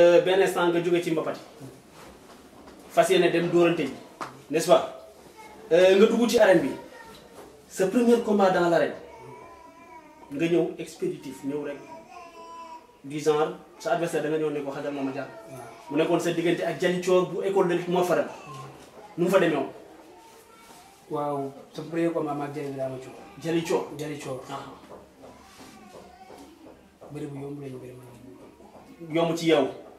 Euh, benn instant nga jóge ci mbapat fas yéene dem dóorante ji n'est-ce pas euh, nga dugg ci arène bi sa premier combat dans l'arène nga ñëw expéditif ñëw rek du genre sa adversaire da nga ñëw ne ko xajal mooma jàll mu nekkoon sa diggante ak Jali Coor bu école de moo faral nu mu fa demee ah. yomb ci yow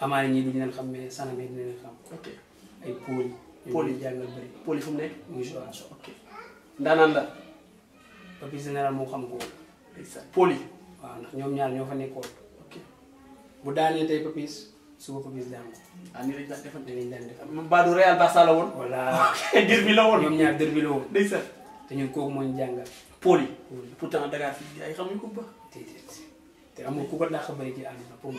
amaana ñii duñu leen xam mais sanam yi dina leen xam. ok ay pôles yi. pôles yi jàngal bëri pôles fu mu nekk muy Joal. ok ndaanaan la. papi xam ko. exact yi. waaw ndax ñoom ñoo fa nekkoon. daan ko. ah nii lañ daan defante nii lañ daan defante. Badou Real Barça la woon. voilà derby la woon. ñoom ñaar derby la woon. ndeysaan te ñun kooku moo ñu jàngal. pôles yi. pourtant Dakar fii ay xamuñ ko bu baax. déedéet te amul ku ko dàq bëri ci àdduna pour mu.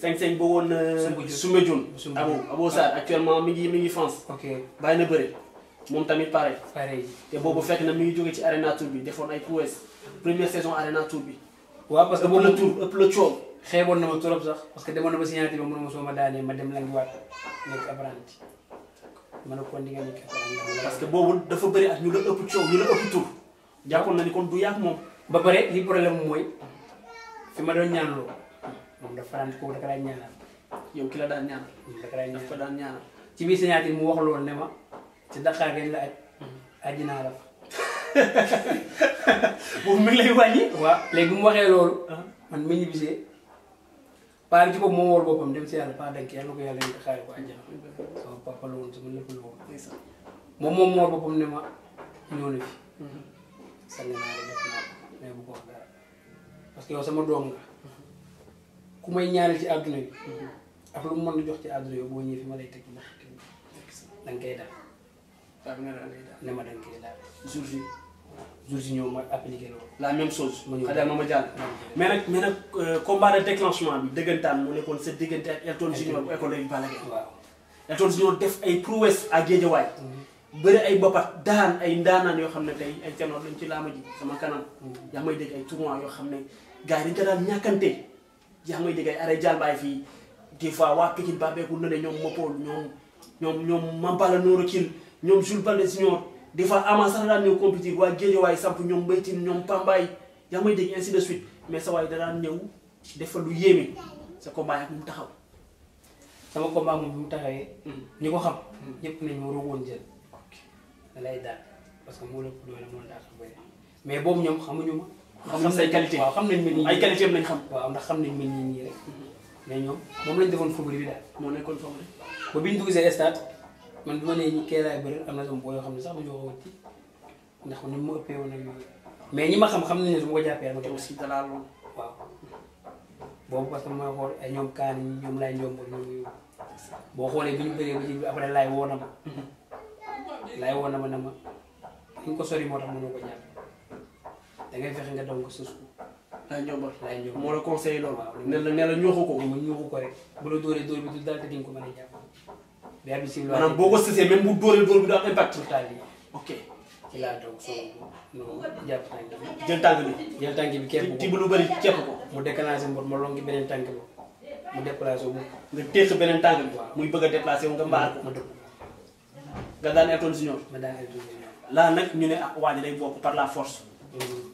sañ-sañ ba woon abo abo sa actuellement mi ngi mi ngi France ok bayna bëre mom tamit pareil pareil te bobu fekk na mi ngi jóge ci Arena Tour bi defoon ay prouesse première saison Arena Tour bi waaw parce que bobu le tour ëpp le coow xeeboon na ma trop sax parce que demone na ma signature ba mu soma daane ma daanee ma dem lang waat nekk apprenti ma ne kon di nga nekk parce que bobu dafa beuri ak ñu la ëpp coow ñu la ëpp tour jàppoon na ni kon du yàgg mom ba pare li problème moy fi ma doon ñaanlo moom dafa daan kooku dafa daan ñaanal. yow ki la daan ñaanal. dafa daan ñaanal dafa daan ñaanal. ci biir ne la man mi ngi bisee. paa bi ci boobu moo wóor boppam dem si yàlla so papa la woon sama lépp la woon. moom moom ne ma ñëw la parce que sama ku may ñaanal ci àdduna bi ak lu mu mën jox ci àdduna bi boo ñëwee fi ma lay teg da nga koy daal. waaw ma da nga koy daal. jour bi waaw ñëw ma appliqué loolu. la même chose. ma ñëw xanaa ma ma mais nag mais nag euh, combat de déclenchement mu nekkoon sa diggante ak Elton Junior bu école bi Balla def ay prouesse à Guédiawaye. Mhm. bëri ay boppat daan ay ndaanaan yoo xam ne tey ay canoor lañ ci laama ji sama kanam. Mhm. yaa may dégg ay tournois yoo xam ne gaa yi dañ ko daan ñàkkante. yaa ngi may des fois ne des Mambala Nooro Kill des fois Ama sax daan ñëw samp Pambaay on ainsi de suite mais ça waay daan des defal lu yéeme sa combat ak mu taxaw. sama combat moom Nous mu taxawee. Hmm. ñi ko xam. Hmm. jël. lay parce que la mais bon nyom ham ma. xam nañ say qualité waaw xam nañ mën yi xam. waaw ndax xam nañ rek mais ñoom moom lañ defoon favori bi daal moo nekkoon favori ba bi ñu dugg boo yoo xam ne sax dañoo xaw a ti mu ma ëppee woon ak mais ñi ma xam xam nañ ne su ma ko jàppee ma teg ma xool ay ñoom kaan yi ñoom laay njomb ñoom boo xoolee bi ñu bëree ba ci après laay woo na ma laay woo na ma na ñu ko sori moo tax mënoo ko jàpp da ngay fexe nga donc sa suuf. laay laay ñombal la conseillé loolu. ne la ne ko. mu ñooxu ko rek bu la dóoree dóor bi du daal te di ko mën a jàpp. bi si loolu maanaam boo ko même bu dóoree dóor bi du am impact. total bi ok. ci laa donc sama non jàpp tànk ko mu déclenché mbot ma longi beneen tànk bi mu déplacé wu. nga téq beneen tànk bi. muy bëgg a déplacé wu nga mbaar ko ma dëpp. nga daan aitoon si ñoom. laa nag ñu ne ah waa ji day bokk par la force. Mm-hmm.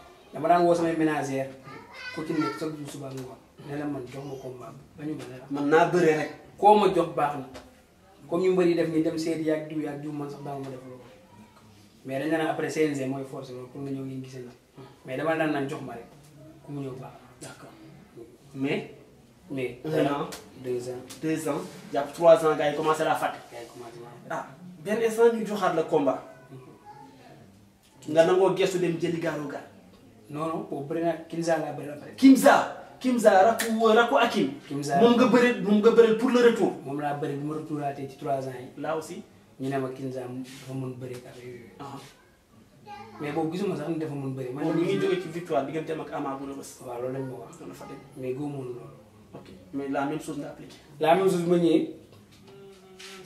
dama daan woo samay ménagère ku ci nekk chaque jour suba nga man jox ma combat ba ñu mën naa bëree rek. koo ma jox baax na comme ñu mbëri def nii dem seeti yaag diw mais dañ naan après CNG mooy force loolu pour nga ñëw ngeen gisee mais dama daan naan jox ma rek ku ñëw baax na. mais. mais un an deux ans deux ans jàpp trois ans gars yi commencé laa ah, benn instant ñu joxaat la combat. Mhm. nga nangoo gestu dem jëli gaaro non non boobu bëri na Kimza laa bëri na pare. Kimza Kimza rakku rakku Akim. Kimza moom nga bëri moom nga bëri pour le retour. moom laa bëri bu ma retouraatee ci trois ans yi. bëri affaire yooyu. Ah. mais boobu gisuma sax ni dafa mën bëri. man mi ngi jógee ci victoire digganteem ak Ama bu Rebeuss. waaw loolu lañ ma wax. loolu fa dem mais góobu woon loolu. ok mais la même chose nga appliqué. la même chose ma ñëwee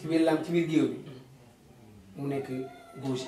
ci biir lam ci biir mu nekk gauche.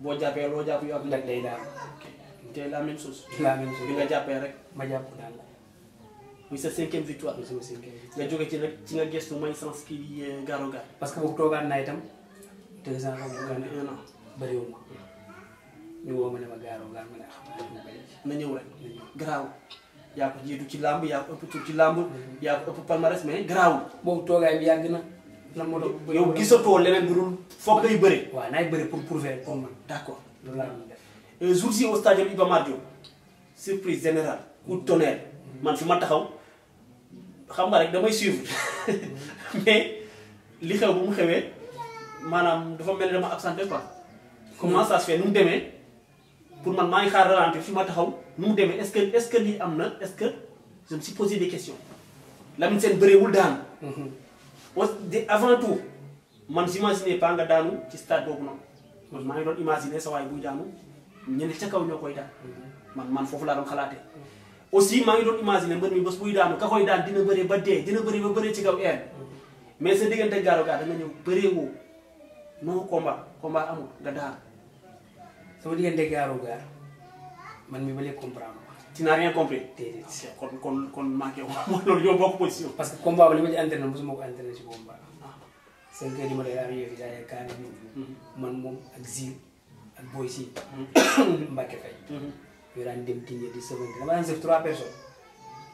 boo jàppee loo jàpp yow ak nag day daal la même chose la même bi nga jàppee rek ma jàpp daal muy sa cinquième victoire muy sama cinquième victoire nga jóge ci nag ci nga gestu may sens kii euh, Garo parce que boobu toogaan naa itam deux ans xam nga un an bëriwul ma ma ne ma Garo Gare ñëw rek garaaw yaa ko jiitu ci làmb yaa ko ëpp tur ci làmb mm-hmm. yaa ko ëpp palmarès mais garaaw boobu toogaay bi yàgg na lan moo doon yow gisatoo leneen lu dul foog ngay bëri. waaw naay bëri pour prouver pour man. Oh, d' accord loolu laa def. Euh, jour si au stade Iba Mar surprise générale coup de tonnerre mm-hmm. man fi ma taxaw xam nga rek damay suivre mm-hmm. mais li xew bu mu xewee maanaam dafa mel ni dama absenté quoi. comment ça se fait nu mu demee pour man maa ngi xaar ralenti fi ma taxaw nu mu demee est ce que est ce que lii am na est ce que je me suis posé des questions la Lamine Sène bëreewul daan. Mm-hmm. was di avant tout man j'imagine pas nga daanu ci stade boobu noonu man maa ngi doon imaginer sa waay buy daanu ñenn ca kaw ñoo koy daan man man foofu laa doon xalaatee. aussi maa ngi doon imaginer mbër mi bés buy daanu ka koy daan dina bëree ba dee dina bëree ba bëree ci kaw air mais sa diggante gaaro gaar da nga ñëw bëree woo non combat combat amul nga daan. sama diggante gaaro gaar man mi ba léegi comprendre tu n'as rien compris. déedéet kon kon kon manqué wu ma loolu yow bokk position. parce que combat bi li ma ci entraîné mosuma ko entraîné ci combat. cinq heures du matin daa ñëw fii daa yegg kaane bi mm-hmm. man moom ak Zil ak Boy Si. Mm-hmm. Mbacke Faye. Mm-hmm. ñu daan dem Tinge di sëfante dama daan sëf trois personnes.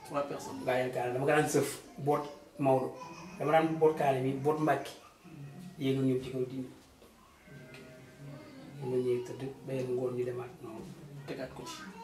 trois personnes gaa yegg kaane dama ko daan sëf boot Maodo dama daan boot kaane bi boot Mbacke yéegu ñëw ci kaw Tinge. mën nga ñëw tëdd ba yegg ngoon ñu demaat noonu tegaat ko ci.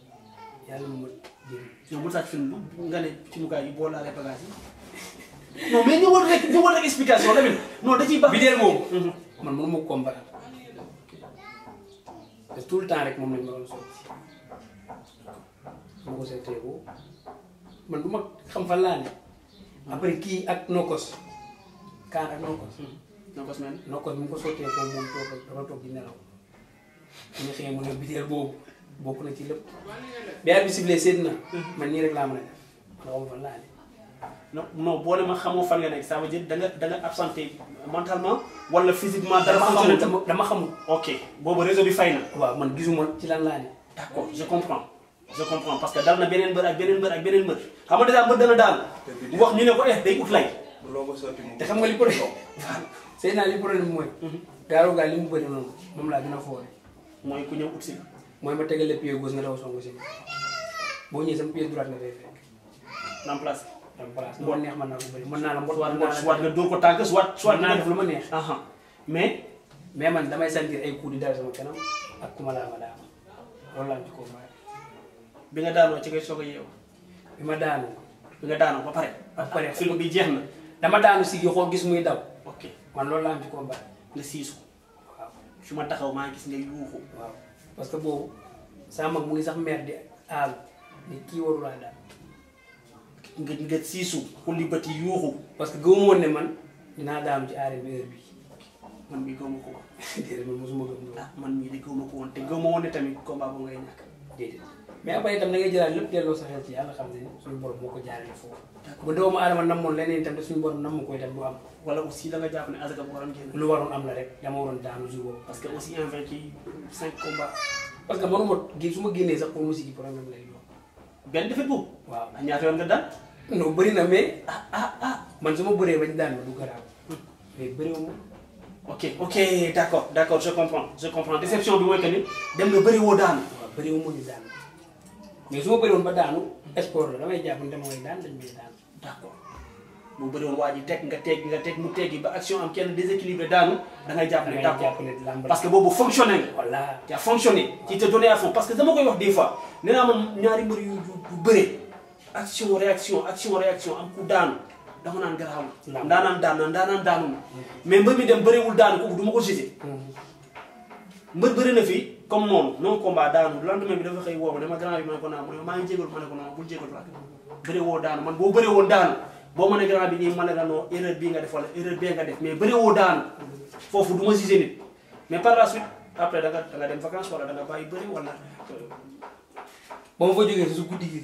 yàlla moom mooy yow bul sàcc film bi nga ne ci mukaay yi boo laalee bagage yi non mais ñu war rek ñu war rek bideel boobu. Mm-hmm. man mënuma ko le temps rek moom lañ ma doon soog ko seetee ko man du ma xam fan laa ne après kii ak nokos kaan ak nokos. man mm-hmm. nokos mu ko sottee ko moom toog dafa di nelaw ñu xëy mu ne bideel boobu. bokk ci lépp les bi man non ma ça veut absenté mentalement wala physiquement. lan je comprends. je comprends parce que dal na bien, ak bien, bien, ak bien, daal. wax ñu ne ko eh, ut xam nga li problème. bien, li problème mooy ma tegal la pied nga daw songu boo ñëwee sama pied droite nga fay fekk. en boo neex mën naa ko mën naa la mbot. mën naa la soit nga dóor ko tànk soit. soit naa def lu ma mais mais man damay sentir ay coups di dal sama ak kuma laa ma daa ma loolu laa am ci kaw bi nga daanoo ci ma daanoo. bi nga daanoo ba pare. ba pare film bi jeex dama daanu si yoo gis muy daw. ok man loolu laa am ci combat waaw fi ma taxaw maa gis nga yuuxu. parce que boobu saa mag mu ngi sax mer di aalu ni kii warulaa daal nga siisu xulli bët yuuxu parce que gëmu woon ne man dinaa daanu ci arène bi heure bi man mii gëmu ko woon déedéet man mosuma gëm ah man mii di gëmu ko woon te gëmu woon ne tamit combat bu ngay ñàkk déedéet mais après itam da ngay jëlaat lépp delloo sa xel ci yàlla xam ne suñu borom moo ko jaarale foofu bu ko itam du am wala am la rek dama waroon daanu jour boobu parce que ma gi su ma génnee sax pour musique yi problème lay doon benn defet boobu waaw ah, na mais ah, ah ah man su ma bëree bañ daan ma du garaaw mais bëriwu ma ok ok d' accord d' accord je ni dem woo daan waaw mais su ma bëri ba daanu sport la damay jàpp ne dama koy daan dañ may daan. d' accord bu bëri woon teg nga teg nga teg mu teggi ba action am kenn déséquilibré daanu. da ngay jàpp ne d' parce que boobu fonctionné nga. voilà te fonctionné. ci te donné à parce que dama koy wax des fois nee naa man ñaari mbër yu yu bëre action réaction action réaction am ku daanu dama naan garaawul. ndax ndaanaan daan na ndaanaan daanu na. mais mbër mi dem bëriwul daanu kooku du ma ko gisee. Mhm. mbër bëri na fii. comme moom non combat daanu lendemain bi dafa xëy woo ma dama grand bi ma ne ko naa mu ne maa ngi jégalu ma ne ko non bul jégalu ak bëri man boo bëri woon daanu boo ma ne grand ma ne la non woo daanu foofu du ma nit mais par la suite après dem vacance wala da nga bàyyi bëri wala. Euh. ba ma fa jógee su guddi gi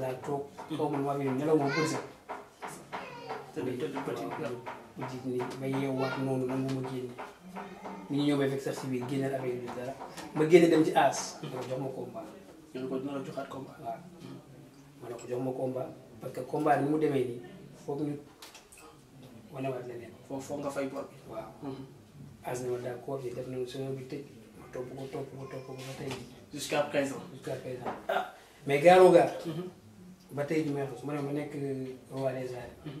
laaj toog. xaw ma nu ma amee nelaw ma bëri sax. tëdd tëdd petit nag bu jig ma yeewaat noonu nangu ma génne ñu ñëw may fekk sax si biir génneel affaire bi dara ma génne dem ci aas ma jox ma combat ñu ne ko dina la joxaat ma ne ko que combat ni mu demee nii foog ñu wanewaat leneen foofu foog nga fay bor bi waaw aas hmm. ne ma daa koo fi def nañu solo bi tëj ma topp ko topp ko topp ko ba tey jusqu'à présent jusqu'à présent ah hmm. ba tey ji may ma ne ma nekk roi des arènes hmm.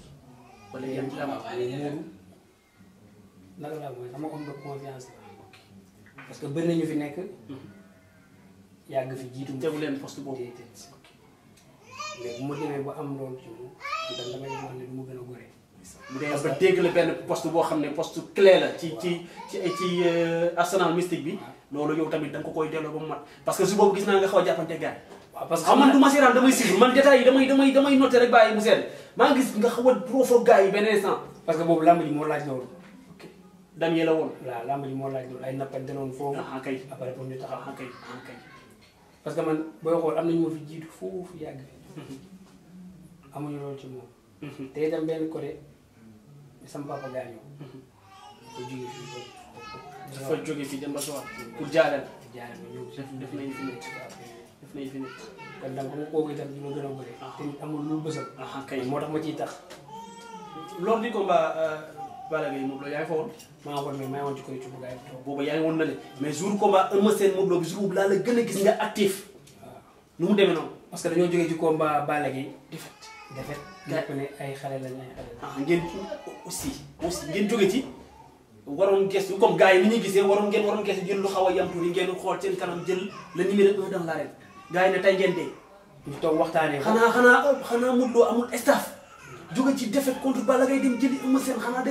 wala yéen dama muuru lan la mooy sama parce que bëri nañu fi nekk yàgg fi jiitu tegu leen poste boobu mais bu ma demee ba am loolu ci moom itam damay wax ne a gore bu benn poste boo xam ne poste clé la ci ci ci ci euh, arsenal mystique bi loolu yow tamit da nga ko koy delloo ba mu mat parce que su boobu gis naa nga xaw a jàppante gars parce que man du ma seetaan damay suivre man détails yi damay damay damay rek bàyyi mu seet maa gis nga xaw a profo gars yi beneen sens. parce que boobu làmb ji moo laaj loolu. ok dam yi la woon. waaw làmb moo laaj loolu ay nappante noonu foofu. ah kay après ñu taxaw ah, ah, parce que man booy am na ñu ma fi jiitu foofu yàgg. Mhm. amuñu loolu ci moom. Mhm. te itam benn côté sama papa gaañoo. Mhm. dafa jóge fii dafa jóge fii dem ba sowat pour jaareel. jaareel def nañu fi nekk def nañu fi nekk. kon da nga ko kooku itam ñu ma gën a bëri. Ah. te amul lu ah, moo tax ma ciy tax. loolu di combat euh, Balla Gaye Modou Lo yaa ngi fa woon. maa ngi woon mais maa na mais jour combat Eumeu Sène Modou a gis nga actif. Ah. nu mu demee noonu. parce que dañoo jógee ci combat Balla Gaye défaite. défaite jàpp ne ay xale lañ ay xale lañ. ah ngeen aussi aussi ngeen ci. waroon gestu comme gars yi ni ñuy gisee waroon ngeen waroon gestu jël lu xaw a yam tuuti ngeen xool seen kanam jël le numéro un dans l'arène gars yi ne tey ngeen dee ñu toog waxtaanee. xanaa xanaa xanaa Modou Lo amul staff jóge ci défaite contre Balla Gaye dem jëli Eumeu Sène xanaa day.